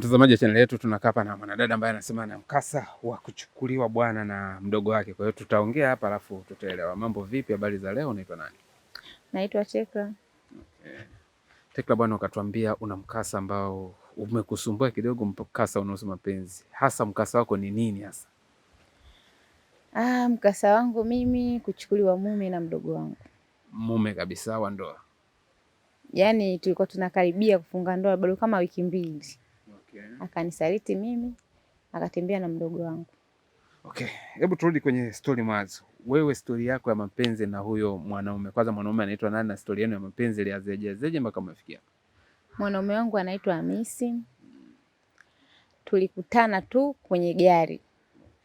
Mtazamaji wa chaneli yetu, tunakaa hapa na mwanadada ambaye anasema na mkasa wa kuchukuliwa bwana na mdogo wake. Kwa hiyo tutaongea hapa alafu tutaelewa mambo. Vipi, habari za leo? Unaitwa nani? Naitwa Tekla. Okay. Tekla bwana, ukatuambia una mkasa ambao umekusumbua kidogo, mkasa unahusu mapenzi. Hasa mkasa wako ni nini hasa? Ah, mkasa wangu mimi kuchukuliwa mume na mdogo wangu, mume kabisa wa ndoa. Yaani tulikuwa tunakaribia kufunga ndoa, bado kama wiki mbili akanisaliti mimi, akatembea na mdogo wangu. Okay, hebu turudi kwenye stori mwanzo. Wewe stori yako ya mapenzi na huyo mwanaume, kwanza mwanaume anaitwa nani na stori yenu ya mapenzi zeje mpaka mmefikia? Mwanaume wangu anaitwa Hamisi, tulikutana tu kwenye gari.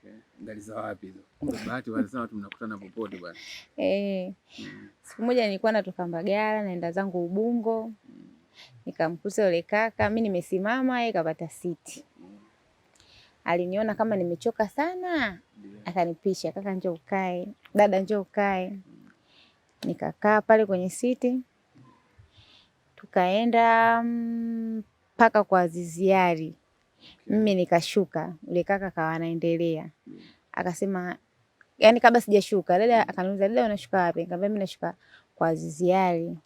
Okay. Gari za wapi hizo? Kumbe bahati wanasema watu mnakutana popote bwana. Eh. Siku moja nilikuwa natoka Mbagala naenda zangu Ubungo. Mm nikamkuta yule kaka, mimi nimesimama, yeye kapata siti. Aliniona kama nimechoka sana, akanipisha, kaka, njoo ukae, dada, njoo ukae. Nikakaa pale kwenye siti, tukaenda mm, mpaka kwa ziziari Mimi nikashuka, yule kaka kawa anaendelea, akasema yani, kabla sijashuka, dada akaniuliza, dada, unashuka wapi? Nikamwambia mimi nashuka kwa ziziari.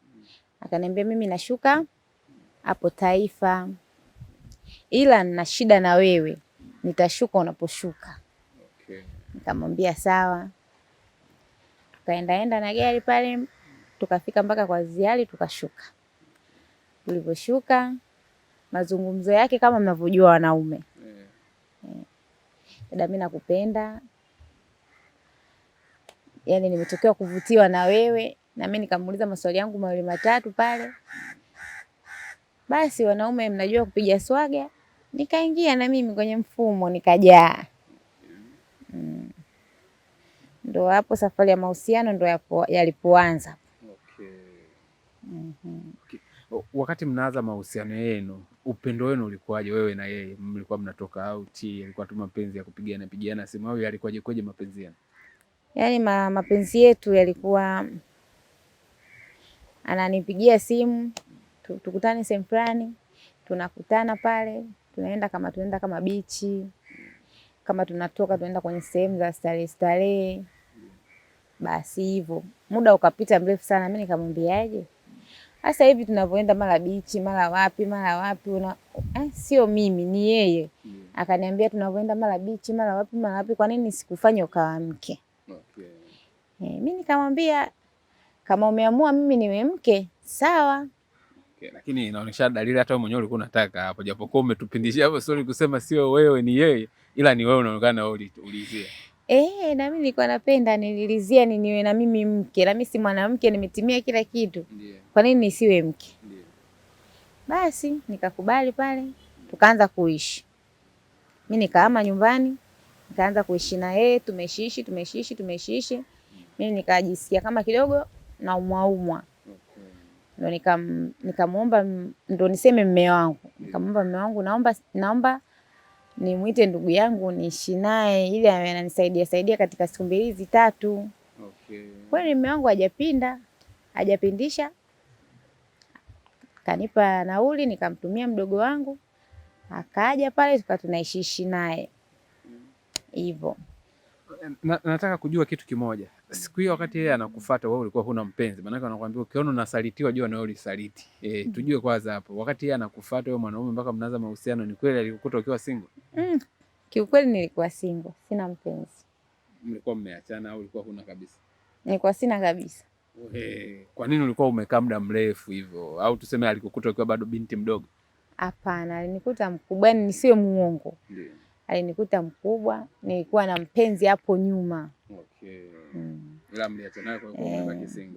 Akaniambia mimi nashuka hapo Taifa, ila nina shida na wewe, nitashuka unaposhuka. Okay. Nikamwambia sawa, tukaendaenda na gari pale, tukafika mpaka kwa Ziari, tukashuka. Tulivyoshuka mazungumzo yake kama mnavyojua wanaume, eh. dada, yeah. mi nakupenda yaani nimetokea kuvutiwa na wewe, na mimi nikamuuliza maswali yangu mawili matatu pale, basi wanaume mnajua kupiga swaga, nikaingia na mimi kwenye mfumo nikajaa. Mm. Ndo hapo safari ya mahusiano ndo yalipoanza. Okay. Mm -hmm. Okay. Wakati mnaanza mahusiano yenu, upendo wenu ulikuwaje? Wewe na yeye mlikuwa mnatoka auti, alikuwa tu mapenzi ya kupigana pigana simu au yalikuwaje? kweje mapenzi yenu? Yaani ma, mapenzi yetu yalikuwa, ananipigia simu tu, tukutane sehemu fulani, tunakutana pale, tunaenda kama tunaenda kama bichi, kama tunatoka tunaenda kwenye sehemu za starehe starehe. Basi hivyo muda ukapita mrefu sana, mimi nikamwambiaje, sasa hivi tunavyoenda mara bichi mara wapi mara wapi una... eh, sio mimi ni yeye akaniambia, tunavyoenda mara bichi mara wapi mara wapi, kwa nini sikufanye ukawa mke? Okay. Eh, mimi nikamwambia kama umeamua mimi niwe mke sawa, Okay, lakini inaonyesha dalili hata mwenyewe ulikuwa unataka hapo, japokuwa umetupindishia hapo story kusema sio wewe ni yeye, ila ni wewe unaonekana wewe uliulizia. Eh, na mimi nilikuwa napenda nililizia ni niwe na mimi mke, na mimi si mwanamke, nimetimia kila kitu. Yeah. Kwa nini nisiwe mke? Yeah. Basi nikakubali pale, tukaanza kuishi. Mimi nikahama nyumbani, nikaanza kuishi na yeye, tumeshiishi, tumeshiishi, tumeshiishi. Mimi nikajisikia kama kidogo na umwaumwa ndo nikamwomba ndo niseme mme wangu, nikamwomba mme wangu, naomba naomba nimwite ndugu yangu niishi naye ili ananisaidia saidia katika siku mbili hizi tatu. Okay. Kweli mme wangu hajapinda, hajapindisha, kanipa nauli, nikamtumia mdogo wangu akaja pale tukatunaishiishi naye mm. hivyo na, nataka kujua kitu kimoja. Siku hiyo wakati yeye anakufuata wewe ulikuwa huna mpenzi, maanake anakuambia ukiona unasalitiwa jua na wewe ulisaliti. E, mm. tujue kwanza hapo, wakati yeye anakufuata wewe mwanaume mpaka mnaanza mahusiano, ni kweli alikukuta ukiwa single? Mm, kiukweli nilikuwa single, sina mpenzi. Mlikuwa mmeachana au ulikuwa huna kabisa? Nilikuwa sina kabisa. E, kwa nini ulikuwa umekaa muda mrefu hivyo, au tuseme alikukuta ukiwa bado binti mdogo? Hapana, alinikuta mkubwa, nisiwe muongo. Yeah alinikuta mkubwa, nilikuwa na mpenzi hapo nyuma. Mm. Eh,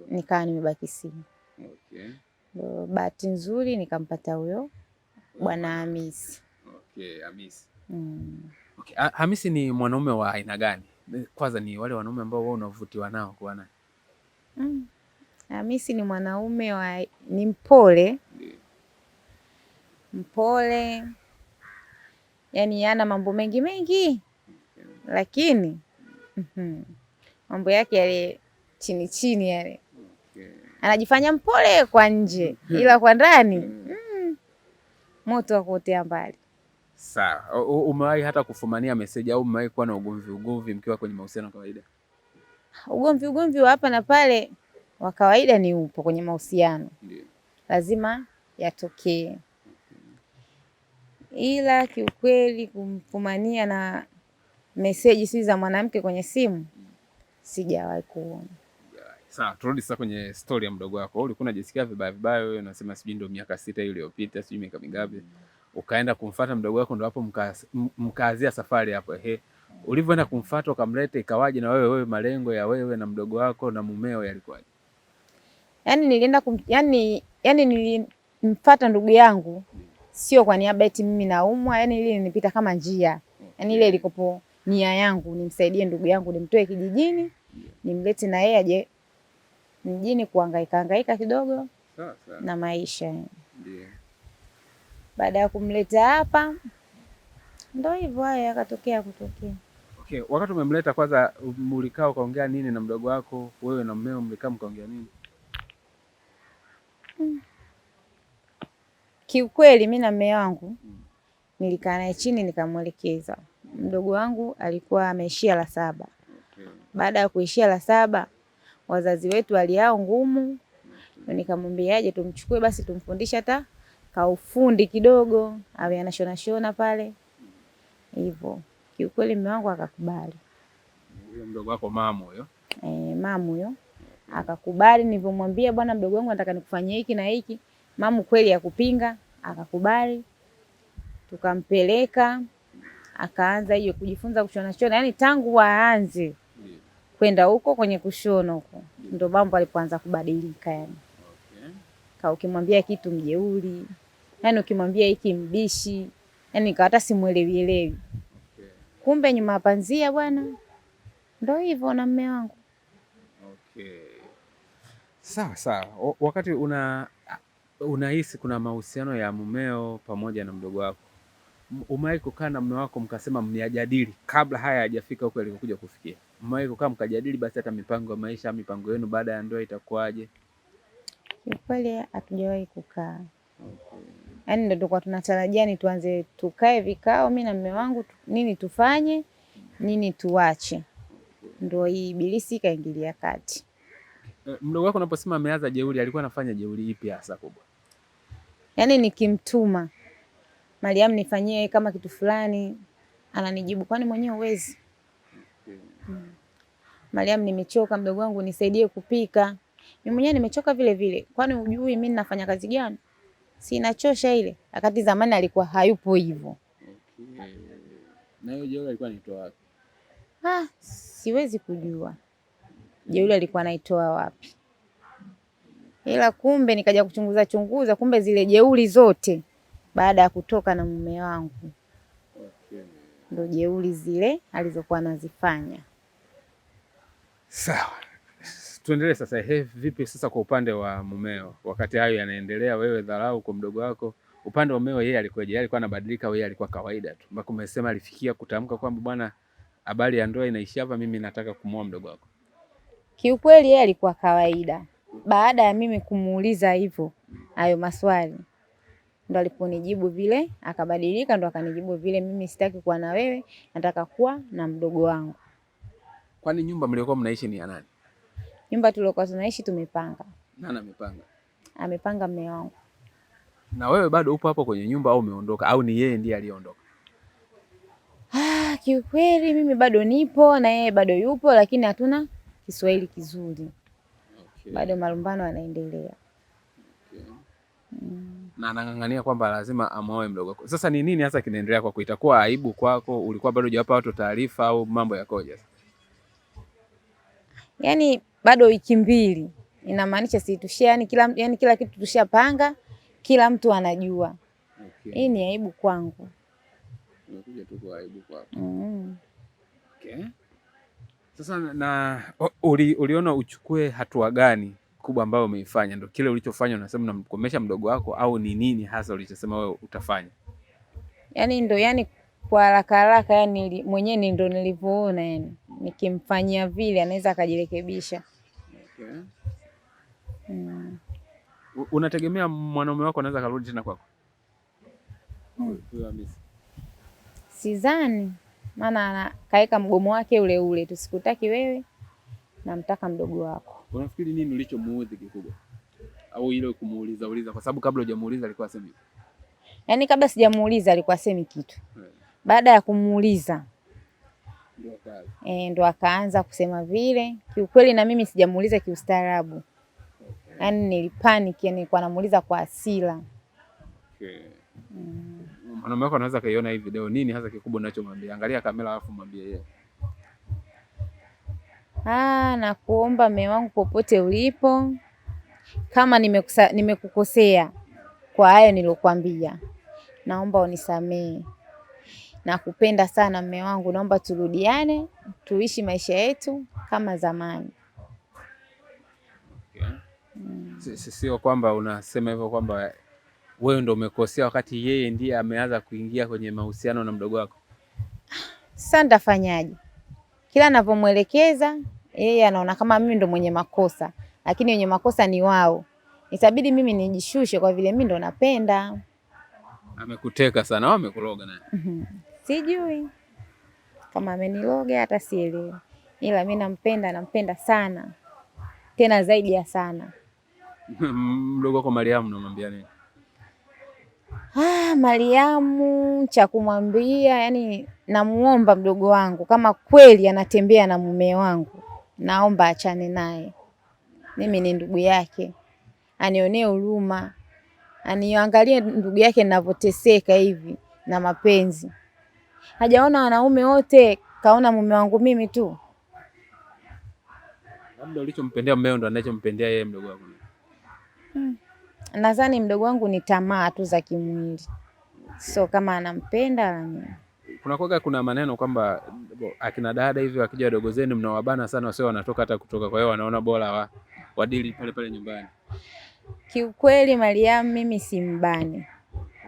nikawa nimebaki single. Okay. Bahati nzuri nikampata huyo bwana Hamisi. Okay, Hamisi. Mm. Okay. Hamisi ni mwanaume wa aina gani? Kwanza ni wale wanaume ambao wewe unavutiwa nao kuwa naye? Mm. Hamisi ni mwanaume wa ni mpole. Yeah. Mpole yaani yana mambo mengi mengi, lakini mm-hmm. mambo yake yale chini chini yale anajifanya mpole kwa nje ila kwa ndani mm, moto wa kuotea mbali. Sawa, umewahi hata kufumania meseji au umewahi kuwa na ugomvi ugomvi mkiwa kwenye mahusiano kawaida? Ugomvi ugomvi wa hapa na pale wa kawaida ni upo kwenye mahusiano, lazima yatokee ila kiukweli kumfumania na meseji si za mwanamke kwenye simu sijawahi kuona. Sawa, turudi sasa kwenye stori ya mdogo wako. Ulikuwa unajisikia vibaya vibaya, wewe unasema sijui ndio miaka sita hiyo iliyopita, sijui miaka mingapi, ukaenda kumfuata mdogo wako, ndio hapo mkaazia safari hapo. Ehe, ulivyoenda kumfuata ukamleta, ikawaje? Na wewe wewe, malengo ya wewe na mdogo wako na mumeo yalikuwaje? Yani nilienda kum, yani, yani nilimfuata ndugu yangu sio kwa niaba eti mimi naumwa, yani ile ilinipita kama njia, yani ile ilikopo nia yangu nimsaidie ndugu yangu, nimtoe kijijini nimlete na yeye aje mjini kuhangaika hangaika kidogo sasa na maisha yeah. Baada ya kumleta hapa ndo hivyo haya yakatokea kutokea. Okay, wakati umemleta kwanza, mlikaa ukaongea nini na mdogo wako? Wewe na mmeo mlikaa mkaongea nini? Kiukweli mimi na mume wangu mm. nilikaa naye chini nikamwelekeza. Mdogo wangu alikuwa ameishia la saba. Baada ya kuishia la saba, wazazi wetu hali yao ngumu, nikamwambiaje tumchukue basi tumfundishe hata kaufundi kidogo awe anashona shona pale hivyo. Kiukweli mume wangu akakubali. Huyo mdogo wako mamu huyo? Eh, mamu huyo akakubali. Nilivyomwambia bwana, mdogo wangu nataka nikufanyie hiki na hiki, Mamu kweli hakupinga, akakubali, tukampeleka akaanza hiyo kujifunza kushona shona, yaani tangu waanze kwenda huko kwenye kushona huko ndo mambo alipoanza kubadilika yani. Okay. Ka ukimwambia kitu mjeuri, yaani ukimwambia hiki mbishi, yaani ikawa hata simuelewi elewi. Okay. Kumbe nyuma panzia bwana, ndo hivyo na mme wangu. Okay. Sawa sawa, wakati una unahisi kuna mahusiano ya mumeo pamoja na mdogo wako? Umewahi kukaa na mume wako mkasema mmeyajadili kabla haya hajafika huko alikokuja kufikia? Mmewahi kukaa mkajadili basi hata mipango ya maisha, mipango yenu baada ya ndoa itakuwaje? Kiukweli hatujawahi kukaa yaani ndo tulikuwa tunatarajia ni tuanze tukae vikao mi na mume wangu tu, nini tufanye nini tuache, ndo hii ibilisi ikaingilia kati. Eh, mdogo wako unaposema ameanza jeuri, alikuwa anafanya jeuri ipi hasa kubwa? Yaani nikimtuma Mariam nifanyie kama kitu fulani, ananijibu kwani mwenyewe uwezi? Hmm. Mariam, nimechoka mdogo wangu, nisaidie kupika. Mimi mwenyewe nimechoka vile vile, kwani ujui mimi ninafanya kazi gani? Si inachosha ile, wakati zamani alikuwa hayupo hivyo. Okay. Na alikuwa anaitoa wapi? Ah, siwezi kujua jeuli alikuwa anaitoa wapi, ila kumbe nikaja kuchunguza chunguza, kumbe zile jeuri zote baada ya kutoka na mume wangu ndo jeuri zile alizokuwa anazifanya. Sawa, tuendelee sasa. He, vipi sasa kwa upande wa mumeo, wakati hayo yanaendelea, wewe dharau kwa mdogo wako, upande wa mumeo, yeye alikuwaje? Yeye alikuwa anabadilika, wewe alikuwa kawaida tu, mpaka umesema alifikia kutamka kwamba bwana, habari ya ndoa inaishia hapa, mimi nataka kumwoa mdogo wako. Kiukweli yeye alikuwa kawaida baada ya mimi kumuuliza hivyo hayo maswali, ndo aliponijibu vile, akabadilika, ndo akanijibu vile, mimi sitaki kuwa na wewe, nataka kuwa na mdogo wangu. Kwani nyumba mliokuwa mnaishi ni ya nani? Nyumba tuliokuwa tunaishi tumepanga. Nani amepanga? Amepanga mume wangu. Na wewe bado upo hapo kwenye nyumba au umeondoka au ni yeye ndiye aliyeondoka? Ah, kiukweli mimi bado nipo na yeye bado yupo, lakini hatuna Kiswahili kizuri okay. Bado malumbano yanaendelea mm. na anang'ang'ania kwamba lazima amwoe mdogo wako. Sasa ni nini hasa kinaendelea kwako? Itakuwa aibu kwako? Ulikuwa bado hujawapa watu taarifa au mambo yakoje? Yaani bado wiki mbili, inamaanisha si tushia, yani kila, yani kila kitu tushapanga, kila mtu anajua. Hii okay. ni aibu kwangu. tu kwa aibu kwako. mm. Sasa na uli, uliona uchukue hatua gani kubwa ambayo umeifanya, ndio kile ulichofanya unasema unamkomesha mdogo wako, au ni nini hasa ulichosema wewe utafanya? Yani ndo yani kwa haraka haraka, yani mwenyewe ndo nilivyoona, yani nikimfanyia vile anaweza akajirekebisha. Okay. Mm. Unategemea mwanaume wako anaweza karudi tena kwako? Hmm. Sidhani maana kaweka mgomo wake ule ule, tu, sikutaki wewe, namtaka mdogo wako. Unafikiri nini ulichomuudhi kikubwa, au ile kumuuliza uliza? Kwa sababu kabla hujamuuliza alikuwa asemi, yaani kabla sijamuuliza alikuwa asemi kitu yeah. Baada ya kumuuliza E, eh, ndo akaanza kusema vile. Kiukweli na mimi sijamuuliza kiustaarabu, yaani okay. nilipanic, yani nilikuwa namuuliza kwa hasira okay. mm. Mwanaume wako anaweza kaiona hii video. Nini hasa kikubwa unachomwambia? Angalia kamera alafu mwambie yeye. Ah, nakuomba mume wangu, popote ulipo, kama nimekusa, nimekukosea kwa hayo nilokuambia, naomba unisamehe. Nakupenda sana mume wangu, naomba turudiane, tuishi maisha yetu kama zamani. Okay. Sio kwamba unasema hivyo kwamba wewe ndo umekosea, wakati yeye ndiye ameanza kuingia kwenye mahusiano na mdogo wako? Sasa nitafanyaje? Kila anavyomwelekeza yeye anaona kama mimi ndo mwenye makosa, lakini wenye makosa ni wao. Itabidi mimi nijishushe kwa vile mimi ndo napenda. Amekuteka sana au amekuroga naye? Mhm. Sijui kama ameniloga hata sielewi, ila mimi nampenda, nampenda sana, tena zaidi ya sana. Mdogo wako Mariamu namwambia nini? Ah, Mariamu cha kumwambia yani, namuomba mdogo wangu kama kweli anatembea na mume wangu, naomba achane naye. Mimi ni ndugu yake, anionee huruma, aniangalie ndugu yake ninavyoteseka hivi na mapenzi. Hajaona wanaume wote, kaona mume wangu mimi tu. Labda ulichompendea mmeo ndo anachompendea yeye mdogo wangu. hmm. Nadhani mdogo wangu ni tamaa tu za kimwili, so kama anampenda la Kuna kuna maneno kwamba akina dada hivyo akija wadogo zenu mnawabana sana, wasio wanatoka hata kutoka, kwa hiyo wanaona bora wa wadili pale pale nyumbani. Kiukweli Mariam, mimi simbani,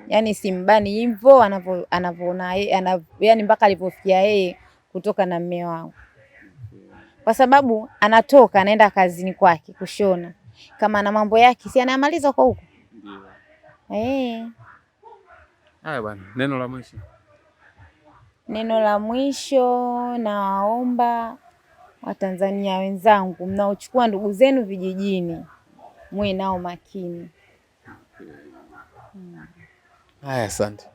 yaani simbani hivyo anavyoona yeye, yani mpaka alivyofikia yeye kutoka na mume wangu, kwa sababu anatoka anaenda kazini kwake kushona kama na mambo yake si anayamaliza kwa huko. Ndio. Eh. Haya bwana, neno la mwisho. Neno la mwisho nawaomba Watanzania wenzangu mnaochukua ndugu zenu vijijini mwe nao makini. Haya, hmm. Asante.